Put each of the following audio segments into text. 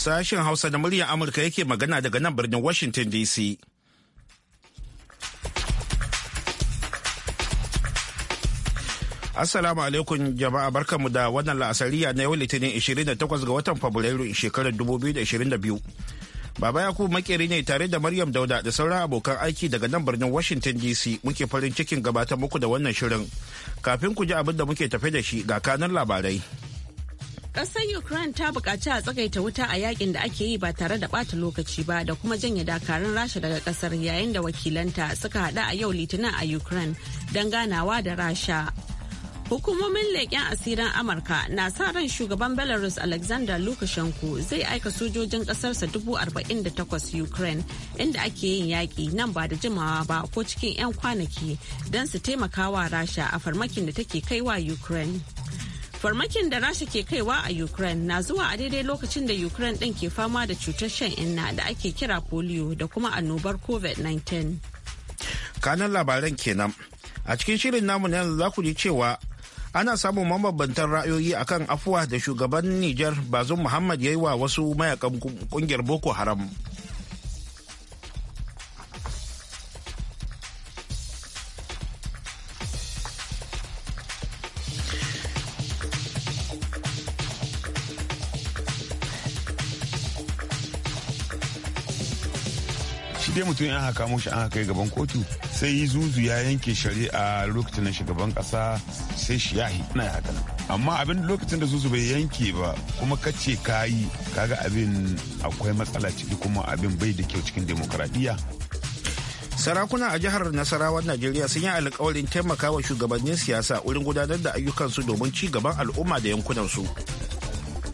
Sashen Hausa na muryar Amurka yake magana daga nan birnin Washington DC. Assalamu alaikum jama'a barkanmu da wannan la'asariya na yau litinin 28 ga watan Fabrairu shekarar 2022. Baba Yakubu makeri ne tare da Maryam Dauda da sauran abokan aiki daga nan birnin Washington DC muke farin cikin gabatar muku da wannan shirin. Kafin ku ji abin da muke tafe da shi ga kanun labarai. Ƙasar Ukraine ta buƙaci a tsagaita wuta a yakin da ake yi ba tare da bata lokaci ba da kuma janye dakarun Rasha daga ƙasar yayin da wakilanta suka haɗu a yau Litinin a Ukraine don ganawa da Rasha. Hukumomin leƙen asirin Amurka na sa ran shugaban Belarus Alexander Lukashenko zai aika sojojin ƙasarsa 48,000 Ukraine inda ake yin yaƙi nan ba da jimawa ba ko cikin 'yan kwanaki don su taimakawa Rasha a farmakin da take kaiwa Ukraine. farmakin da rasha ke kaiwa a ukraine na zuwa a daidai lokacin da ukraine din ke fama da cutar shan inna da ake kira polio da kuma annobar covid-19 kanan labaran kenan a cikin shirin namu na yanzu za ku ji cewa ana samun mabambantan ra'ayoyi akan afuwa da shugaban Nijar bazum Muhammad ya yi wa wasu mayakan kungiyar Boko Haram. mutum in aka kamo shi an kai gaban kotu sai zuzu ya yanke shari'a lokacin da shugaban kasa sai shi ya na ya haka amma abin lokacin da zuzu bai yanke ba kuma kace kayi kaga abin akwai matsala ciki kuma abin bai da kyau cikin demokradiyya sarakuna a jihar nasarawar najeriya sun yi alkawarin wa shugabannin siyasa wurin gudanar da ayyukansu domin ci gaban al'umma da yankunansu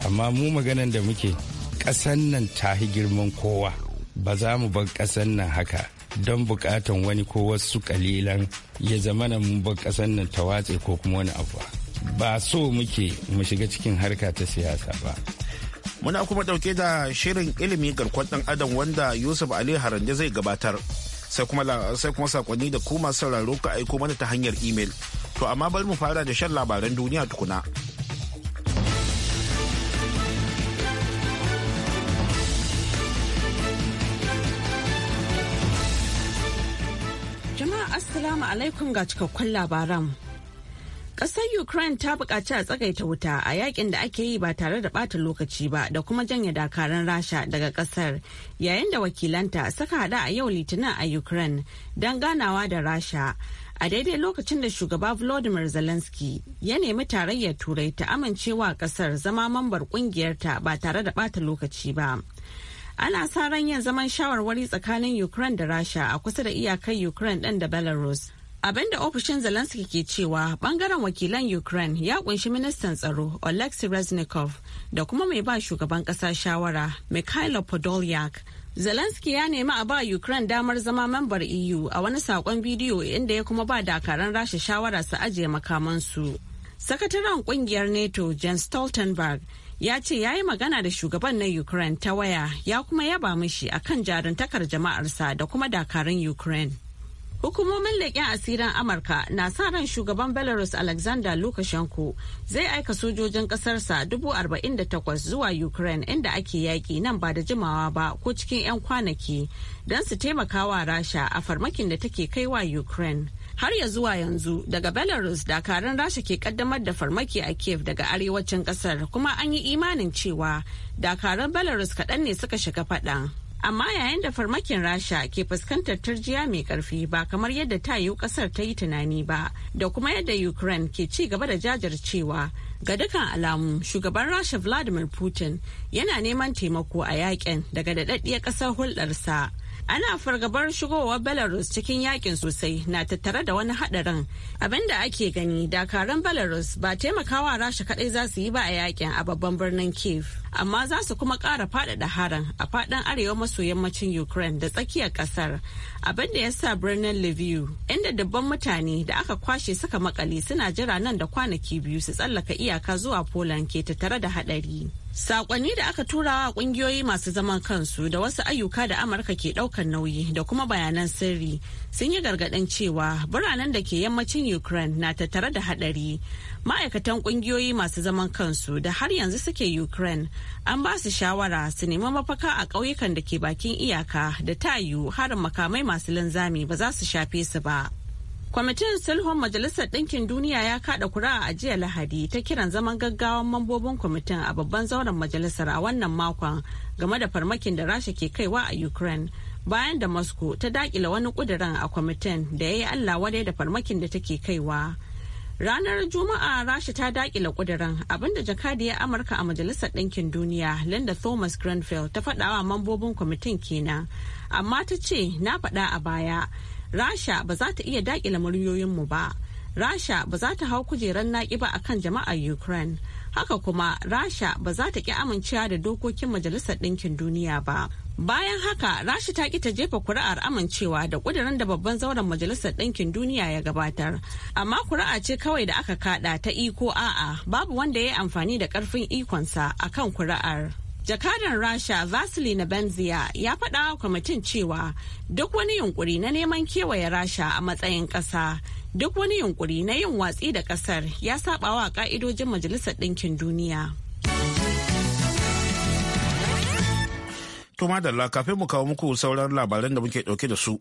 amma mu maganan da muke ƙasan nan ta girman kowa ba za mu bar ƙasar nan haka don buƙatan wani ko wasu kalilan ya zama na mun bar ƙasar nan ta watse ko kuma wani abu ba so muke mu shiga cikin harka ta siyasa ba muna kuma ɗauke da shirin ilimi garkuwar ɗan adam wanda yusuf ali haranje zai gabatar sai kuma sai kuma sakonni da kuma sauraro ka aiko mana ta hanyar imel to amma bari mu fara da shan labaran duniya tukuna. Assalamu alaikum ga cikakkun labaran. Ƙasar Ukraine ta buƙaci a tsagaita wuta a yakin da ake yi ba tare da ɓata lokaci ba da kuma janye dakaran Rasha daga ƙasar yayin da wakilanta suka haɗa a yau litinin a Ukraine don ganawa da Rasha. A daidai lokacin da shugaba Volodymyr Zelensky ya nemi tarayyar Turai ta amincewa ƙasar zama mambar ƙungiyarta ba tare da ɓata lokaci ba. ana sa ran yin zaman shawarwari tsakanin ukraine da rasha a kusa da iyakar ukraine ɗin da belarus abinda ofishin zelensky ke cewa bangaren wakilan ukraine ya kunshi ministan tsaro oleksiy reznikov da kuma mai ba shugaban kasa shawara mikhailo podolyak zelensky ya nemi a ba ukraine damar zama mambar eu a wani sakon bidiyo inda ya kuma ba dakaran rasha shawara su ajiye makamansu sakataren kungiyar nato jens stoltenberg ya ce ya yi magana da shugaban na ukraine ta waya ya kuma yaba mishi akan jaruntakar jama'arsa da kuma dakarun ukraine Hukumomin leƙen asirin Amurka na sa ran shugaban Belarus Alexander Lukashenko zai aika sojojin ƙasarsa 48,000 zuwa Ukraine inda ake yaƙi nan ba da jimawa ba ko cikin 'yan kwanaki don su taimaka wa Rasha a farmakin da take kai wa Ukraine. har ya zuwa yanzu daga belarus dakarun rasha ke kaddamar da farmaki a kiev daga arewacin kasar kuma an yi imanin cewa dakarun belarus kaɗan ne suka shiga faɗan amma yayin da farmakin rasha ke fuskantar turjiya mai karfi ba kamar yadda ta yiwu kasar ta yi tunani ba da kuma yadda ukraine ke ci gaba da jajircewa ga dukkan alamu shugaban rasha vladimir putin yana neman taimako a yakin daga daɗaɗɗiyar ƙasar hulɗarsa ana fargabar shigowar belarus cikin yakin sosai na tattare da wani hadarin abinda ake gani dakaran belarus ba taimakawa rasha kadai za su yi ba a yakin a babban birnin kiev amma za su kuma kara faɗaɗa harin a faɗin arewa maso yammacin ukraine da tsakiyar ƙasar abinda ya sa birnin lviv inda dubban mutane da aka kwashe suka makale suna jira nan da kwanaki biyu su tsallaka iyaka zuwa poland ke tattare da haɗari. Sakonni da aka tura wa kungiyoyi masu zaman kansu da wasu ayyuka da Amurka ke ɗaukan nauyi da kuma bayanan sirri sun yi gargaɗin cewa biranen da ke yammacin Ukraine na tattare da haɗari. Ma'aikatan kungiyoyi masu zaman kansu da har yanzu suke Ukraine an ba su shawara su nemi mafaka a ƙauyukan da ke bakin iyaka da tayu harin makamai masu linzami ba za su shafe su ba. Kwamitin sulhun Majalisar Ɗinkin Duniya ya kada kura a jiya Lahadi ta kiran zaman gaggawan mambobin kwamitin a babban zauren majalisar a wannan makon game da farmakin da Rasha ke kaiwa a Ukraine bayan da Moscow ta dakila wani kuduran a kwamitin da ya yi Allah wadai da farmakin da take kaiwa. Ranar Juma'a Rasha ta dakila kuduran abinda ya Amurka a Majalisar Ɗinkin Duniya Linda Thomas Grenfell ta faɗawa mambobin kwamitin kenan amma ta ce na faɗa a baya rasha ba za ta iya daƙile muryoyinmu ba rasha ba za ta hau kujerar naƙi ba akan jama'ar ukraine haka kuma rasha ba za ta ƙi amincewa da dokokin majalisar ɗinkin duniya ba bayan haka rasha ta ƙi ta jefa kuri'ar amincewa da ƙudurin da babban zauren majalisar ɗinkin duniya ya gabatar amma kuri'a ce kawai da aka kaɗa ta iko a'a babu wanda ya yi amfani da ƙarfin ikonsa akan kuri'ar jakadan rasha vasily na ya faɗa wa kwamitin cewa duk wani yunkuri na neman kewaye rasha a matsayin ƙasa duk wani yunkuri na yin watsi da ƙasar ya saba wa ƙa'idojin majalisar ɗinkin duniya to madalla kafin mu kawo muku sauran labaran da muke ɗauke da su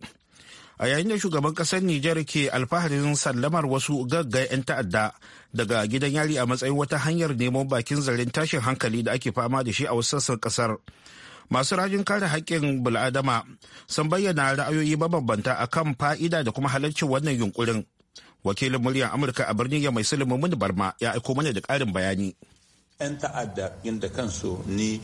a yayin da shugaban kasar Nijar ke alfaharin sallamar wasu gagga 'yan ta'adda daga gidan yari a matsayin wata hanyar neman bakin zaren tashin hankali da ake fama da shi a wasu sassan kasar. Masu rajin kare haƙƙin bil'adama sun bayyana ra'ayoyi mabambanta a kan fa'ida da kuma halarci wannan yunkurin. Wakilin muryar Amurka a birnin ya mai Suleiman Barma ya aiko mana da ƙarin bayani. 'Yan ta'adda inda kansu ni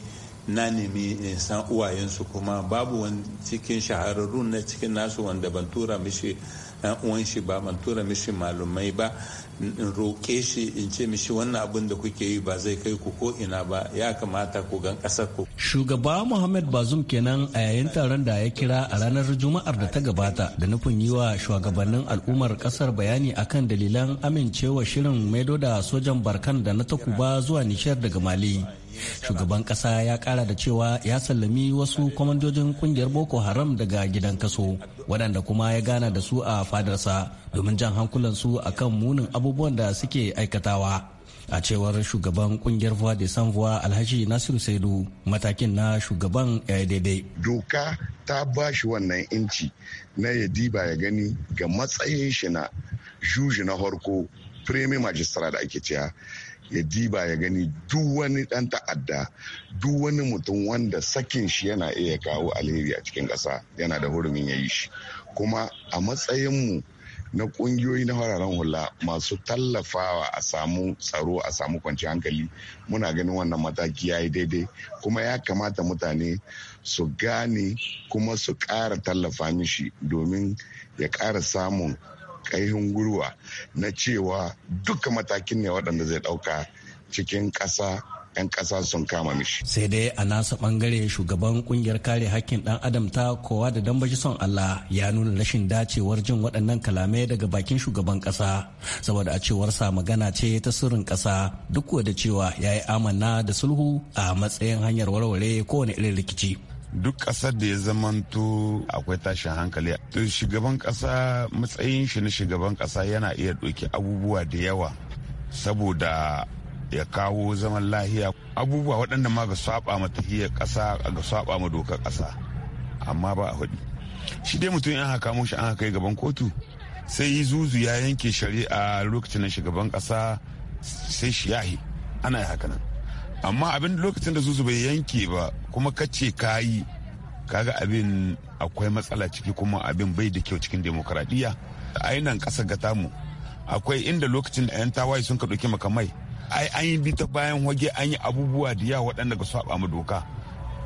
na nemi in san uwayensu kuma babu wani cikin shahararrun na cikin nasu wanda ban tura mishi dan uwan shi ba ban tura mishi malumai ba in roƙe shi in ce mishi wannan abin da kuke yi ba zai kai ku ko ina ba ya kamata ku gan ƙasar ku. Shugaba Muhammad Bazum kenan a yayin taron da ya kira a ranar Juma'ar da ta gabata da nufin yi wa shugabannin al'ummar ƙasar bayani akan dalilan amincewa shirin maido da sojan barkan da na takuba zuwa Nishar daga Mali. shugaban kasa ya kara da cewa ya sallami wasu kwamandojin kungiyar boko haram daga gidan kaso waɗanda kuma ya gana da su a fadarsa domin jan hankulansu a kan munin abubuwan da suke aikatawa a cewar shugaban kungiyar voix de san alhaji nasiru saidu matakin na shugaban ya daidai doka ta ba shi wannan inci na ya diba ya gani ga matsayin shi na juji na harko premier majistara da ake cewa ya diba ya gani duk wani dan ta'adda duk wani mutum wanda sakin shi yana iya kawo alheri a cikin ƙasa yana da hurumin ya yi shi kuma a matsayinmu na kungiyoyi na fararen hula masu tallafawa a samu tsaro a samu kwanci hankali muna ganin wannan mataki ya yi daidai kuma ya kamata mutane su gane kuma su ƙara tallafa mishi domin ya ƙara samun ƙarfin gurwa na cewa duka matakin ne waɗanda zai ɗauka cikin ƙasa 'yan ƙasa sun kama mishi. Sai dai a nasa ɓangare shugaban ƙungiyar kare haƙƙin ɗan adam ta kowa da dambaji son Allah ya nuna rashin dacewar jin waɗannan kalamai daga bakin shugaban ƙasa saboda a cewarsa magana ce ta sirrin ƙasa duk da cewa ya yi amana da sulhu a matsayin hanyar warware kowane irin rikici. duk ƙasar da ya zamanto akwai tashin hankali to shugaban ƙasa matsayin shi na shugaban ƙasa yana iya ɗauki abubuwa da yawa saboda ya kawo zaman lahiya abubuwa waɗanda ma ga saba ma tahiyar ƙasa ga saba ma dokar ƙasa amma ba a hudu shi dai mutum an haka shi an haka gaban kotu sai yi zuzu ya yanke shari'a lokacin shugaban ƙasa sai shi yahi ana yi haka nan amma abin lokacin da zuzu bai yanke ba kuma kace ka yi kaga abin akwai matsala ciki kuma abin bai da kyau cikin demokradiyya ainihin kasar ga tamu akwai inda lokacin da 'yan tawaye sun ka ɗauki makamai ai an yi bi ta bayan wage an yi abubuwa da yawa waɗanda ga saba mu doka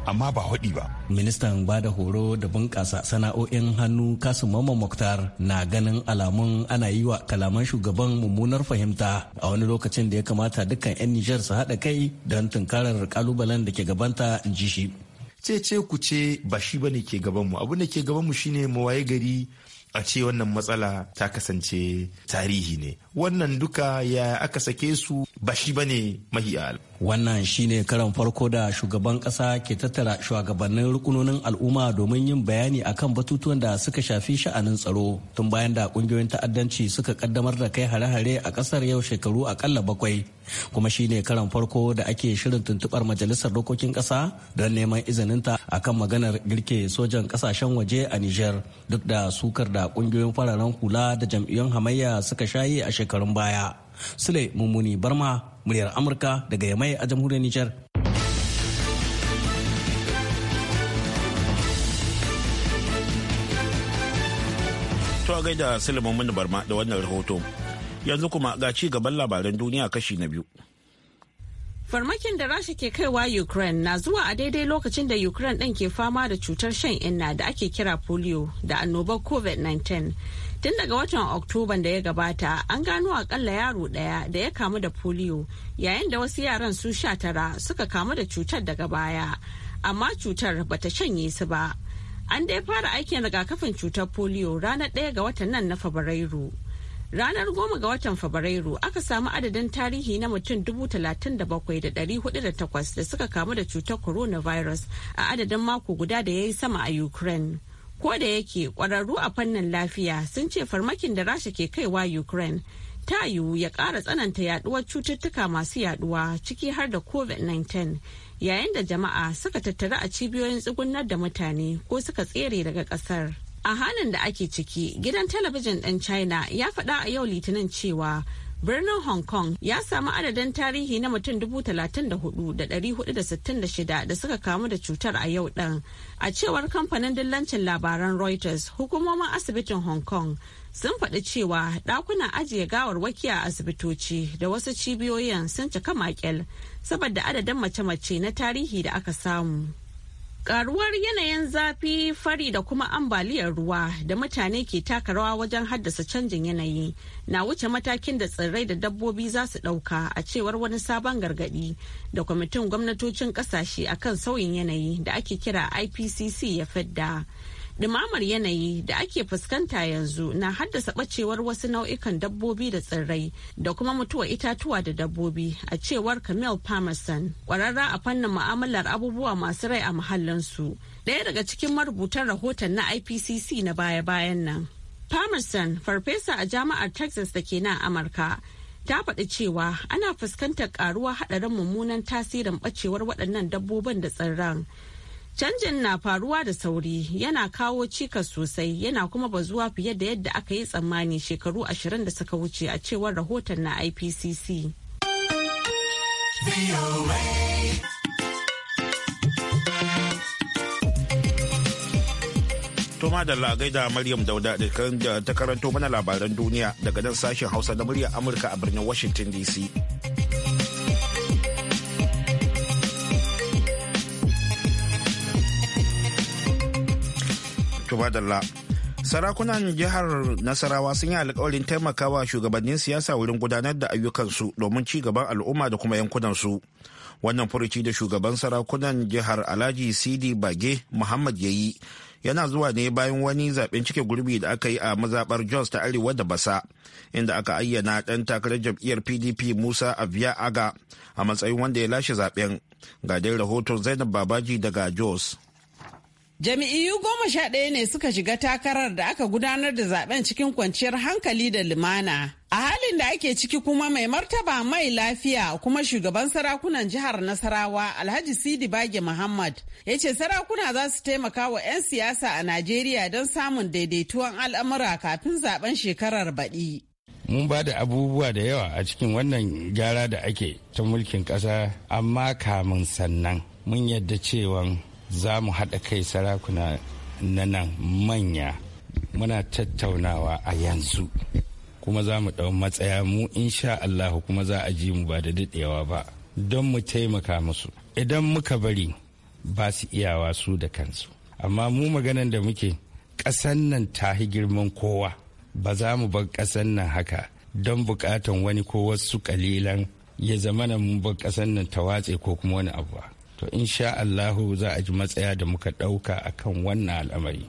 amma ba haɗi ba. Ministan Bada horo da bunƙasa sana'o'in hannu Kasim Mamman Muktar na ganin alamun ana yi wa kalaman shugaban mummunar fahimta a wani lokacin da ya kamata dukkan 'yan Nijar su haɗa kai don tunkarar kalubalen da ke gabanta in ji shi. ce ku ce ba shi bane ke gabanmu abin da ke gabanmu shine mu waye gari a ce wannan matsala ta kasance tarihi ne wannan duka ya aka sake su ba shi bane mahi wannan shine karan farko da shugaban kasa ke tattara shugabannin rukunonin al'umma domin yin bayani akan batutuwan da suka shafi sha'anin tsaro tun bayan da kungiyoyin ta'addanci suka kaddamar da kai hare-hare a kasar yau shekaru akalla bakwai kuma shine karan farko da ake shirin tuntubar majalisar dokokin kasa don neman izininta akan maganar girke sojan kasashen waje a niger duk da sukar da kungiyoyin fararen hula da jam'iyyun hamayya suka shaye a shekarun baya sule mummuni barma muryar Amurka daga Yamai a jamhuriyar Nijar. To gaida silimin mini Barma da wannan rahoto. Yanzu kuma ga ci gaban labaran duniya kashi na biyu. Farmakin da Rasha ke kaiwa Ukraine na zuwa a daidai lokacin da Ukraine ɗin ke fama da cutar shan inna da ake kira polio da annobar COVID-19. Tun daga watan Oktoban da ya gabata an gano akalla yaro daya da ya kamu da polio yayin da wasu yaran su sha tara suka kamu da cutar daga baya, amma cutar bata shanye su ba. An dai fara aikin rigakafin cutar polio ranar daya ga watan nan na Fabrairu. Ranar goma ga watan Fabrairu aka samu adadin tarihi na mutum dubu 37,408 da suka kamu da cutar coronavirus a adadin mako guda da ya yi sama a Ukraine. ko da yake kwararru a fannin lafiya sun ce farmakin da rasha ke kaiwa ukraine ta yiwu ya ƙara tsananta yaduwar cututtuka masu yaduwa ciki har da covid-19 yayin da jama'a suka tattara a cibiyoyin tsugunar da mutane ko suka tsere daga ƙasar a halin da ake ciki gidan talabijin ɗin china ya faɗa a yau litinin cewa birnin hong kong ya samu adadin tarihi na mutum 34,466 da suka kamu da cutar a yau ɗin a cewar kamfanin dillancin labaran reuters hukumomin asibitin hong kong sun faɗi cewa ɗakunan ajiye gawar waki a asibitoci da wasu cibiyoyin sun cika makel saboda adadin mace-mace na tarihi da aka samu. Karuwar yanayin zafi fari da kuma ambaliyar ruwa da mutane ke taka rawa wajen haddasa canjin yanayi na wuce matakin da tsirrai da dabbobi za su ɗauka a cewar wani sabon gargaɗi da kwamitin gwamnatocin ƙasashe akan sauyin yanayi da ake kira IPCC ya fidda. dumamar yanayi da ake fuskanta yanzu na haddasa ɓacewar wasu nau'ikan dabbobi da tsirrai da kuma mutuwa itatuwa da dabbobi a cewar Camille Palmerston, ƙwararra a fannin mu'amalar abubuwa masu rai a muhallinsu. Ɗaya daga cikin marubutan rahoton na IPCC na baya-bayan nan. Palmerston, farfesa a jami'ar Texas da ke nan Amurka, ta faɗi cewa ana fuskantar ƙaruwa haɗarin mummunan tasirin ɓacewar waɗannan dabbobin da tsirran. Canjin na faruwa da sauri yana kawo cikas sosai yana kuma bazuwa fiye da yadda aka yi tsammani shekaru ashirin da suka wuce a cewar rahoton na IPCC. Toma da gaida Maryam Dauda da ta karanto mana labaran duniya daga nan sashen Hausa na muryar Amurka a birnin Washington DC. to Sarakunan jihar Nasarawa sun yi alkawarin taimakawa shugabannin siyasa wurin gudanar da ayyukansu domin ci gaban al'umma da kuma yankunansu. Wannan furuci da shugaban sarakunan jihar Alhaji Sidi Bage Muhammad ya yi yana zuwa ne bayan wani zaben cike gurbi da aka yi a mazabar Jos ta Arewa da Basa inda aka ayyana ɗan takarar jam'iyyar PDP Musa Abia Aga a matsayin wanda ya lashe zaben. Ga dai rahoton Zainab Babaji daga Jos. Jami'iyu goma sha ɗaya ne suka shiga takarar da aka gudanar da zaben cikin kwanciyar hankali da lumana. A halin da ake ciki kuma mai martaba mai lafiya kuma shugaban sarakunan jihar Nasarawa Alhaji Sidi Bage Muhammad ya ce sarakuna za su taimaka wa 'yan siyasa a Najeriya don samun daidaituwan al'amura kafin zaben shekarar baɗi. mun ba da abubuwa da yawa a cikin wannan gyara da ake ta mulkin ƙasa amma kamun sannan mun yadda cewa za mu haɗa kai sarakuna na nan manya muna tattaunawa a yanzu kuma za mu ɗau matsaya mu insha Allahu kuma za a ji mu ba da daɗewa ba don mu taimaka musu idan muka bari ba su iyawa su da kansu amma mu maganan da muke ƙasan nan ta hi girman kowa ba za mu bar ƙasan nan haka don buƙatan wani ko wasu ƙalilan ya zamana mu bar ƙasan nan ta watse ko kuma wani abu ba to insha Allahu za a ji matsaya da muka ɗauka a kan wannan al'amari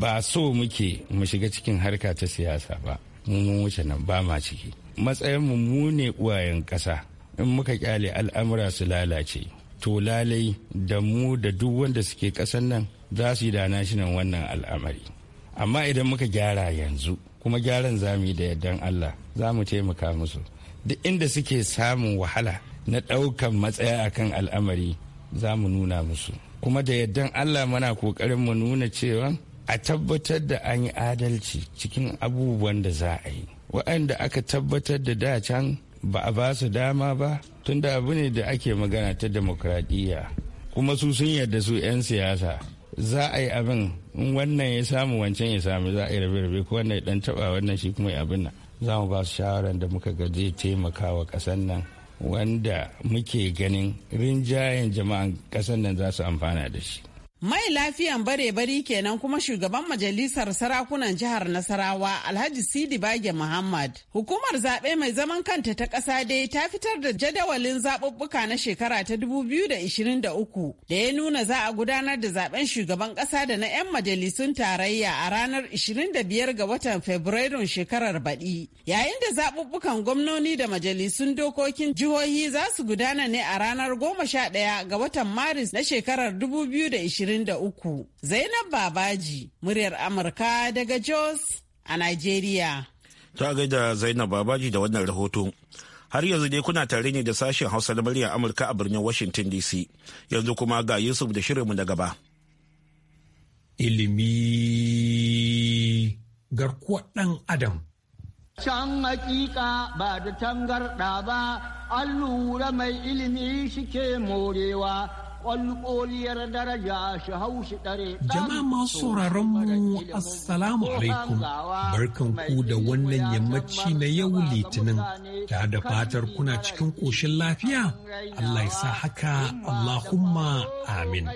ba so muke mu shiga cikin harka ta siyasa ba mun wuce nan ba ma ciki matsayin mu ne uwayen ƙasa in muka kyale al'amura su lalace to lalai da mu da duk wanda suke ƙasan nan za su yi da nashinan wannan al'amari amma idan muka gyara yanzu kuma gyaran za mu yi da yardan Allah za mu taimaka musu duk inda suke samun wahala na ɗaukan matsaya akan al'amari za mu nuna musu kuma da yardan allah muna kokarin mu nuna cewa a tabbatar da an yi adalci cikin abubuwan da za a yi waɗanda aka tabbatar da da can ba a ba su dama ba tun da abu ne da ake magana ta demokradiyya kuma su sun yarda su 'yan siyasa za a yi abin in wannan ya samu wancan ya samu za a yi rabe-rabe ko wannan ya dan taba wannan shi kuma ya abin nan za mu ba su shawaran da muka ga zai taimaka wa ƙasar nan wanda muke ganin rinjayen jama'an kasan nan za su amfana da shi Mai lafiyan bare-bari kenan kuma shugaban majalisar sarakunan jihar Nasarawa Alhaji Sidi Bage Muhammad. Hukumar zaɓe mai zaman kanta ta ƙasa dai ta fitar da jadawalin zaɓuɓɓuka na shekara ta 2023 da ya nuna za a gudanar da zaɓen shugaban ƙasa da na 'yan majalisun tarayya a ranar 25 ga watan Fabrairun shekarar baɗi. Yayin da zaɓuɓɓukan gwamnoni da majalisun dokokin jihohi za su gudana ne a ranar 11 ga watan Maris na shekarar 2020. 23. Zainab Babaji, muryar Amurka daga Jos a Najeriya. Ta gaida Zainab Babaji da wannan rahoto. Har yanzu dai kuna tare ne da sashen Hausa na muryar Amurka a birnin Washington DC. Yanzu kuma ga Yusuf da shirinmu na gaba. Ilimi garkuwar ɗan Adam. Can hakika ba da tangarɗa ba, an lura mai ilimi shike morewa. Jama'a masu sauraron mu Assalamu alaikum barkan ku da wannan yammaci na yau litinin ta da fatar kuna cikin ƙoshin lafiya Allah ya sa haka Allahumma amin.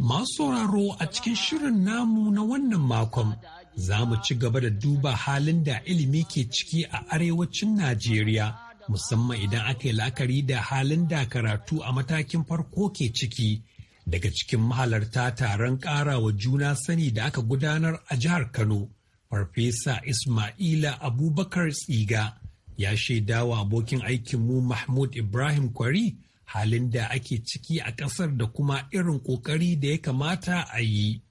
Masu sauraro a cikin shirin namu na wannan makon za mu ci gaba da duba halin da ilimi ke ciki a arewacin Najeriya. musamman idan aka yi la'akari da halin da karatu a matakin farko ke ciki daga cikin mahalarta taron ƙarawa juna sani da aka gudanar a jihar Kano. Farfesa Ismaila Abubakar Tsiga ya shaidawa abokin aikinmu Mahmud Ibrahim Kwari halin da ake ciki a ƙasar da kuma irin ƙoƙari da ya kamata a yi.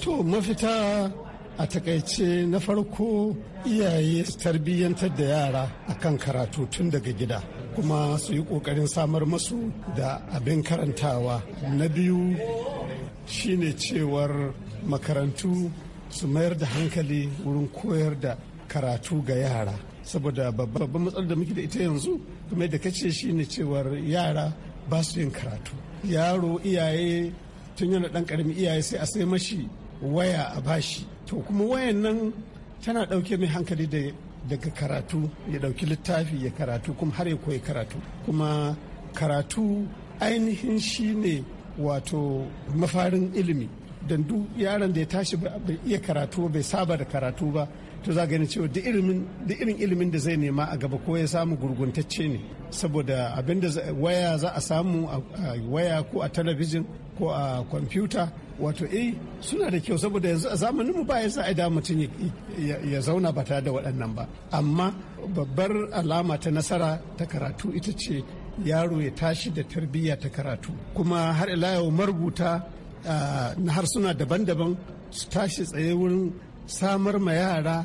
To mafita a takaice na farko iyaye su tarbiyyantar da yara a kan karatu tun daga gida kuma su yi ƙoƙarin samar masu da abin karantawa na biyu shine cewar makarantu su mayar da hankali wurin koyar da karatu ga yara saboda babban matsalar da muke da ita yanzu kuma da kace shine cewar yara ba su yin karatu yaro iyaye tun yana dan karami iyaye sai a sai mashi waya a bashi to kuma wayan nan tana ɗauke mai hankali daga karatu ya ɗauki littafi ya karatu kuma har ya koyi karatu kuma karatu ainihin shi ne wato mafarin ilimi don duk yaron da ya tashi bai iya karatu bai saba da karatu ba to za gani cewa duk irin ilimin da zai nema a gaba ko ya samu gurguntacce ne saboda abinda waya za a samu a waya ko a talabijin ko a kwamfuta wato eh suna da kyau saboda yanzu a zamanin mu ba ya a da mutum ya zauna ba tare da waɗannan ba amma babbar alama ta nasara ta karatu ita ce yaro ya tashi da tarbiyya ta karatu kuma har ila yau marubuta ah, na harsuna daban-daban su tashi tsaye wurin samar ma yara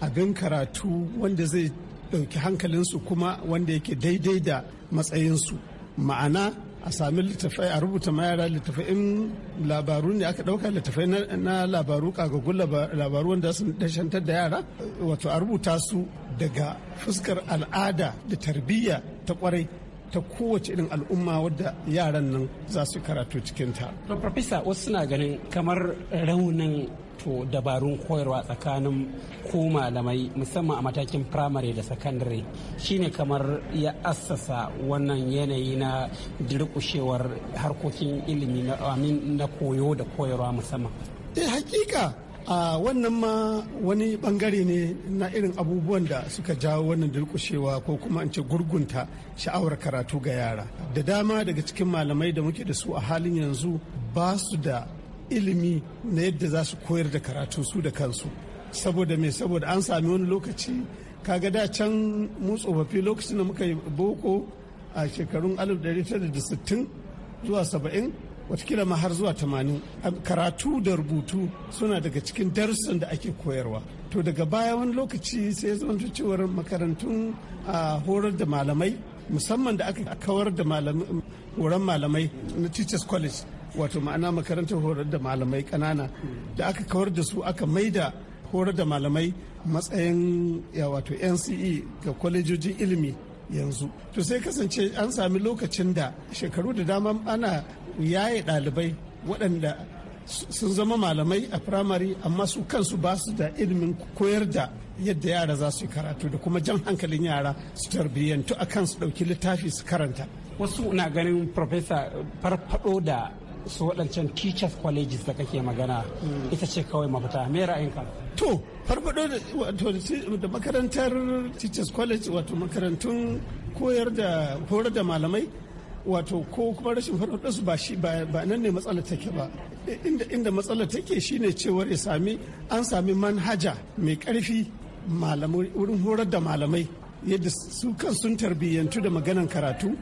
abin karatu wanda zai ɗauki hankalinsu kuma wanda yake daidai da matsayinsu ma'ana a sami littafai a rubuta ma yara littafai in labaru ne aka ɗauka littafai na labaru kagagun labaru wanda sun dashantar da yara wato a rubuta su daga fuskar al'ada da tarbiyya ta kwarai ta kowace irin al'umma wadda yaran nan za su karatu cikinta. to profesa wasu suna ganin kamar raunin to dabarun koyarwa tsakanin ko malamai musamman a matakin firamare da sakandare shine kamar ya assasa wannan yanayi na dirkushewar harkokin ilimi na koyo da koyarwa musamman eh hakika a wannan ma wani bangare ne na irin abubuwan da suka jawo wannan dirkushewa ko kuma an ce gurgunta sha'awar karatu ga yara da dama daga cikin malamai da muke da su a halin yanzu ba su da ilimi na yadda za su koyar da karatu su da kansu saboda mai saboda an sami wani lokaci kaga da can mu tsofaffi lokacin da muka yi boko a shekarun 1960 zuwa 70 watakila ma har zuwa 80 karatu da rubutu suna daga cikin darussan da ake koyarwa to daga baya wani lokaci sai zama cewar makarantun a horar da malamai musamman da aka kawar da horon malamai na teachers college wato ma'ana makarantar horar da malamai ƙanana da aka kawar da su aka maida horar da malamai matsayin ya wato nce ga kwalejojin ilimi yanzu to sai kasance an sami lokacin da shekaru da dama ana yaye ɗalibai waɗanda sun zama malamai a firamare amma su kansu ba su da ilimin koyar da yadda yara za su yi karatu da kuma jan hankalin yara su tarbiyyantu a kan su ɗauki littafi su karanta wasu na ganin farfesa farfado da su waɗancan teachers colleges da kake magana hmm. ita ce kawai mafita me ra'ayinka to farfado da makarantar teachers college wato makarantun koyar da horar da malamai wato ko kuma rashin farfado su ba shi ba nan ne matsala take ba inda matsala take shine cewar ya sami an sami manhaja mai karfi wurin horar da malamai yadda su kan sun tarbiyyantu da maganan karatu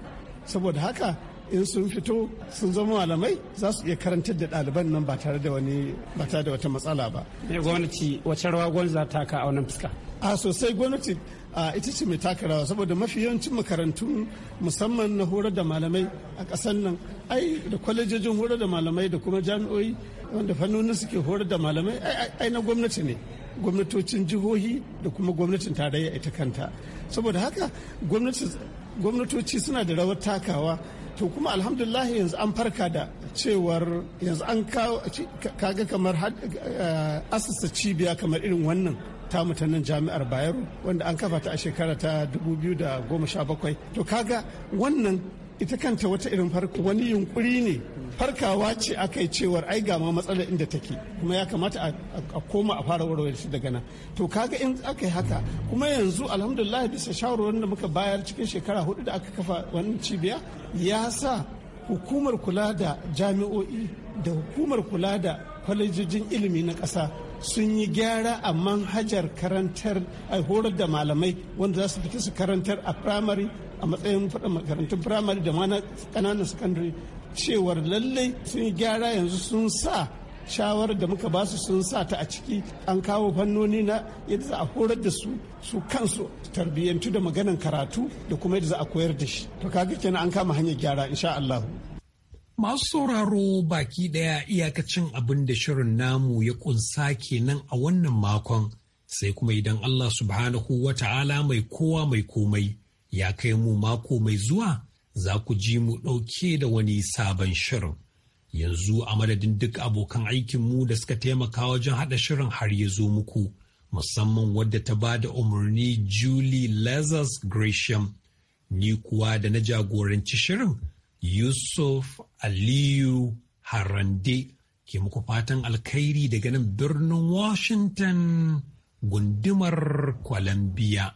saboda haka in sun fito sun zama malamai za su iya karantar da ɗaliban nan ba tare da wani ba tare da wata matsala ba. Me gwamnati wace rawa gwamnati za ta ka a wannan fuska? a sosai gwamnati a ita ce mai taka rawa saboda mafi yawancin makarantu musamman na horar da malamai a ƙasar nan ai da kwalejojin horar da malamai da kuma jami'oi wanda fannonin suke horar da malamai ai na gwamnati ne gwamnatocin jihohi da kuma gwamnatin tarayya ita kanta saboda haka gwamnatoci suna da rawar takawa to kuma alhamdulillah yanzu an farka da cewar yanzu an kaga kamar eh, asusta cibiya kamar irin wannan ta mutanen jami'ar bayero wanda an kafa ta a shekara ta 2017 to kaga wannan ita kanta wata irin farko wani yunkuri ne farkawa ce aka yi cewar ai ga ma matsalar inda take kuma ya kamata a koma a fara warware shi daga nan to kaga in aka yi haka kuma yanzu alhamdulillah bisa shawarwarin da muka bayar cikin shekara hudu da aka kafa wani cibiya ya sa hukumar kula da jami'o'i da hukumar kula da kwalejijin ilimi na ƙasa sun yi gyara a manhajar karantar a horar da malamai wanda za su fita su karantar a primary a matsayin faɗin makarantun firamare da mana ƙananan sakandare cewar lallai sun yi gyara yanzu sun sa shawar da muka basu sun sa ta a ciki an kawo fannoni na yadda za a horar da su su kansu tarbiyyantu da maganan karatu da kuma yadda za a koyar da shi to kaga kenan an kama hanyar gyara insha Allah masu sauraro baki daya iyakacin abin da shirin namu ya kunsa kenan a wannan makon sai kuma idan Allah subhanahu wata'ala mai kowa mai komai ya kai mu mako mai zuwa za ku ji mu ɗauke da wani sabon shirin. Yanzu a madadin duk abokan aikinmu da suka taimaka wajen haɗa shirin har ya zo muku, musamman wadda ta ba da umarni Julie Lazarus Gresham, ni kuwa da na jagoranci shirin Yusuf Aliyu Harande ke muku fatan alkhairi daga nan birnin Washington gundumar Columbia.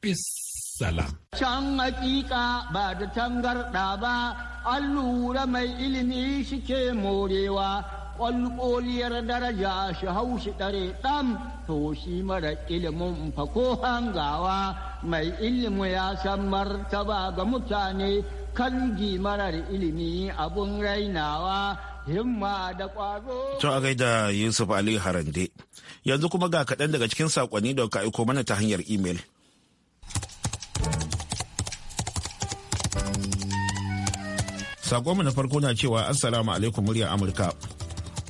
Peace. Salam. Can hakika ba da tangarɗa ba, an lura mai ilimi shike morewa, ƙwalƙoliyar daraja shi haushi ɗare ɗan to shi mara ilimin fa ko hangawa mai ilimi ya san martaba ga mutane kan marar ilimi abun rainawa himma da To a gaida Yusuf Ali Harande, yanzu kuma ga kaɗan daga cikin saƙonni da ka aiko mana ta hanyar imel. Sakonmu na farko na cewa Assalamu alaikum murya Amurka.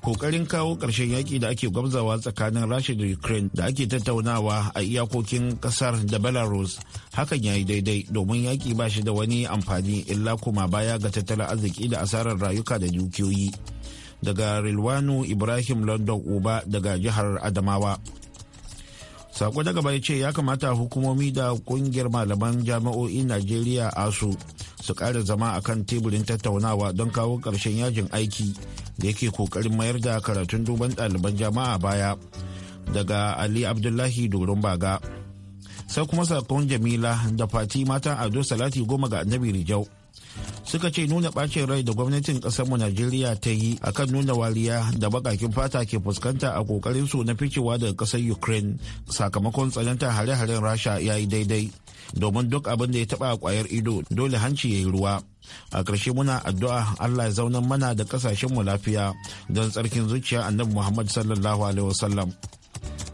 kokarin kawo ƙarshen yaƙi da ake gwamzawa tsakanin rasha da ukraine da ake tattaunawa a iyakokin ƙasar da belarus hakan ya yi daidai domin yaƙi ba shi da wani amfani illa kuma baya ga tattalin arziki da asarar rayuka da dukiyoyi daga rilwanu ibrahim london uba daga jihar adamawa sako na gaba ya ce ya kamata hukumomi da kungiyar malaman jami'o'in najeriya asu su ƙara zama a kan teburin tattaunawa don kawo ƙarshen yajin aiki da yake ƙoƙarin mayar da karatun duban ɗaliban jama'a baya daga ali abdullahi doron baga sai kuma sakon jamila da fati matan ado salati goma ga annabi rijau suka ce nuna bacin rai da gwamnatin mu najeriya ta yi akan nuna wariya da bakakin fata ke fuskanta a kokarin su na ficewa daga ƙasar ukraine sakamakon tsananta hare-haren rasha ya yi daidai domin duk abin da ya taɓa kwayar ido dole hanci ya yi ruwa a ƙarshe muna addu'a allah ya zaunan mana da ƙasashenmu lafiya don tsarkin zuciya annabi muhammad sallallahu alaihi wasallam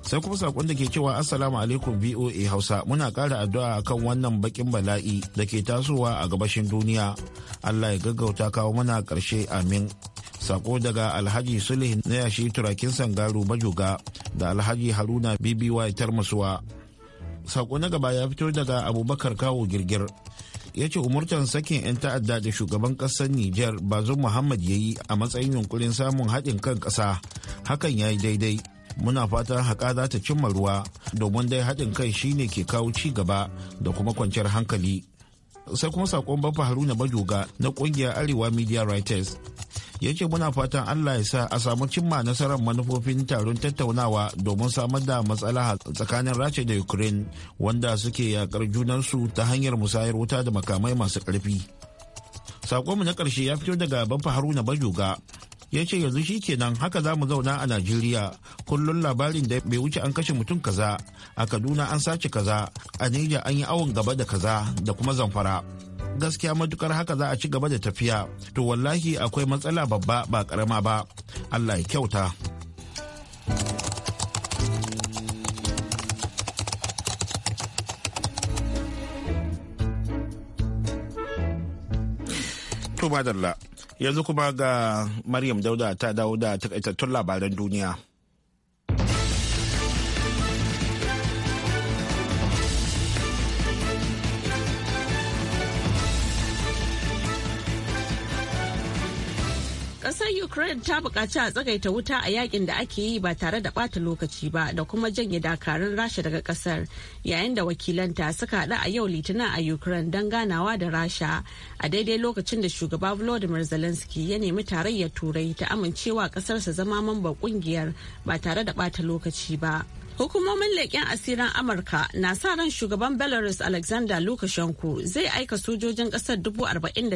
sai kuma sakon da ke cewa assalamu alaikum voa hausa muna kara addu'a akan wannan bakin bala'i da ke tasowa a gabashin duniya allah ya gaggauta kawo mana karshe amin sako daga alhaji sulih na yashi turakin sangaru majoga da alhaji haruna bby tarmasuwa sako na gaba ya fito daga abubakar kawo girgir ya ce umurtan sakin 'yan ta'adda da shugaban kasar niger bazum muhammad ya yi a matsayin yunkurin samun haɗin kan ƙasa hakan ya yi daidai muna fatan haƙa za ta cimma ruwa domin dai haɗin kai shine ke kawo ci gaba da kuma kwanciyar hankali sai kuma sakon bafa haruna Majoga na kungiyar arewa media writers ya ce muna fatan allah ya sa a samu cimma nasarar manufofin taron tattaunawa domin samar da matsala tsakanin rasha da ukraine wanda suke yakar junansu ta hanyar musayar wuta da makamai masu ƙarfi sakonmu na ƙarshe ya fito daga bafa haruna Majoga. ya ce yanzu shi kenan haka za mu zauna a najeriya kullum labarin da bai wuce an kashe mutum kaza a kaduna an sace kaza a niger an yi awon gaba da kaza da kuma zamfara gaskiya matukar haka za a ci gaba da tafiya to wallahi akwai matsala babba ba karama ba allah ya kyauta to madalla yanzu kuma ga maryam dauda ta dawo da takaitattun labaran duniya ukraine ta bukaci a tsagaita wuta a yakin da ake yi ba tare da bata lokaci ba da kuma janye dakarun rasha daga ƙasar yayin da wakilanta suka haɗu a yau litinin a ukraine don ganawa da rasha a daidai lokacin da shugaba volodymyr zelensky ya nemi tarayyar turai ta amincewa ƙasarsa zama mamban ƙungiyar ba tare da bata lokaci ba Hukumomin leƙen asirin Amurka na sa ran shugaban Belarus Alexander Lukashenko zai aika sojojin ƙasar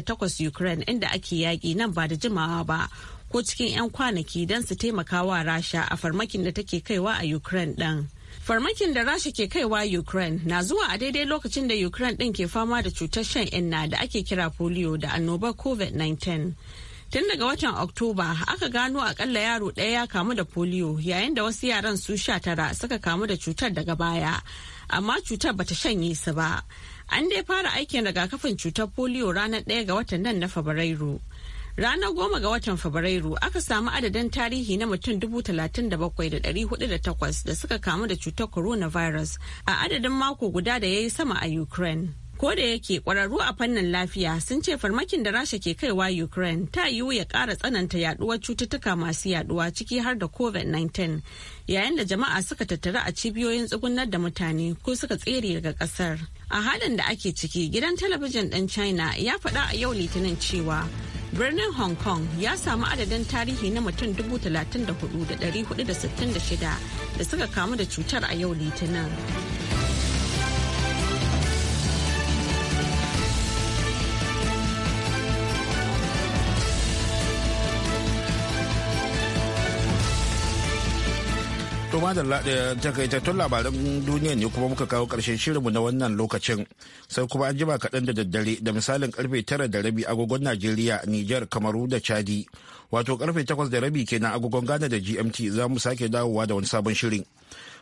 takwas Ukraine inda ake yaƙi nan ba da jimawa ba, ko cikin 'yan kwanaki don su taimaka wa rasha a farmakin da take kaiwa a ukraine ɗin farmakin da rasha ke kaiwa ukraine na zuwa a daidai lokacin da ukraine ɗin ke fama da cutar shan inna da ake kira polio da annobar covid-19 tun daga watan oktoba aka gano akalla yaro ɗaya ya kamu da polio yayin da wasu yaran su sha tara suka kamu da cutar daga baya amma cutar bata shanye su ba an dai fara aikin rigakafin cutar polio ranar ɗaya ga watan nan na fabrairu Ranar goma ga watan Fabrairu aka samu adadin tarihi na mutum 37,408 da suka kamu da cutar coronavirus a adadin mako guda da ya yi sama a Ukraine. ko da yake kwararru a fannin lafiya sun ce farmakin da rasha ke kaiwa ukraine ta yiwu ya kara tsananta yaduwar cututtuka masu yaduwa ciki har da covid-19 yayin da jama'a suka tattara a cibiyoyin tsugunar da mutane ko suka tsere daga kasar a halin da ake ciki gidan talabijin ɗin china ya faɗa a yau litinin cewa birnin hong kong ya samu adadin tarihi na mutum da hudu shida da suka kamu da cutar a yau litinin To madalla eh, takaitattun labaran duniya ne kuma muka kawo karshen shirinmu na wannan lokacin sai kuma an jima kaɗan da daddare da misalin karfe tara da rabi agogon Najeriya, Nijar, Kamaru da Chadi. Wato karfe takwas da rabi kenan agogon Ghana da GMT za mu sake dawowa da wani sabon shirin.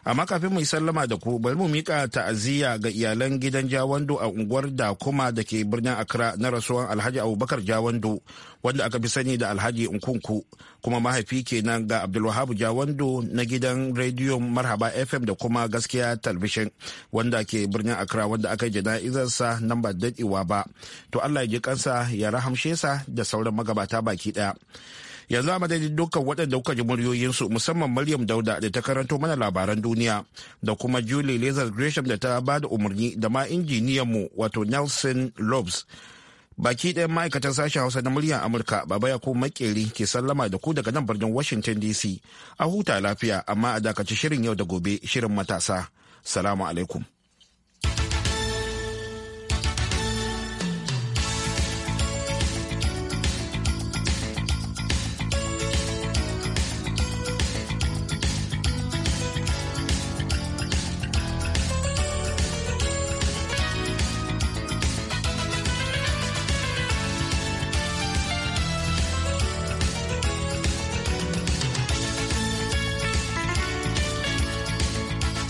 amma kafin mu yi sallama da ku bari mu mika ta'aziyya ga iyalan gidan jawando a unguwar da kuma da ke birnin accra na rasuwan alhaji abubakar jawando wanda aka fi sani da alhaji unkunku kuma mahaifi kenan ga abdulwahabu jawando na gidan rediyo marhaba fm da kuma gaskiya talbishin wanda ke birnin accra wanda aka yi sa nan ba daɗewa ba to allah ya ji kansa ya rahamshe sa da sauran magabata baki ɗaya yanzu a madadin dukkan waɗanda kuka ji muryoyinsu musamman maryam dauda da ta karanto mana labaran duniya da kuma julie lazar gresham da ta ba da umarni da ma injiniyanmu wato nelson lobes baki ɗayan ma'aikatan sashen hausa na muryar amurka baba ya makeri ke sallama da ku daga nan birnin washington dc a huta lafiya amma a dakaci shirin yau da gobe shirin matasa salamu alaikum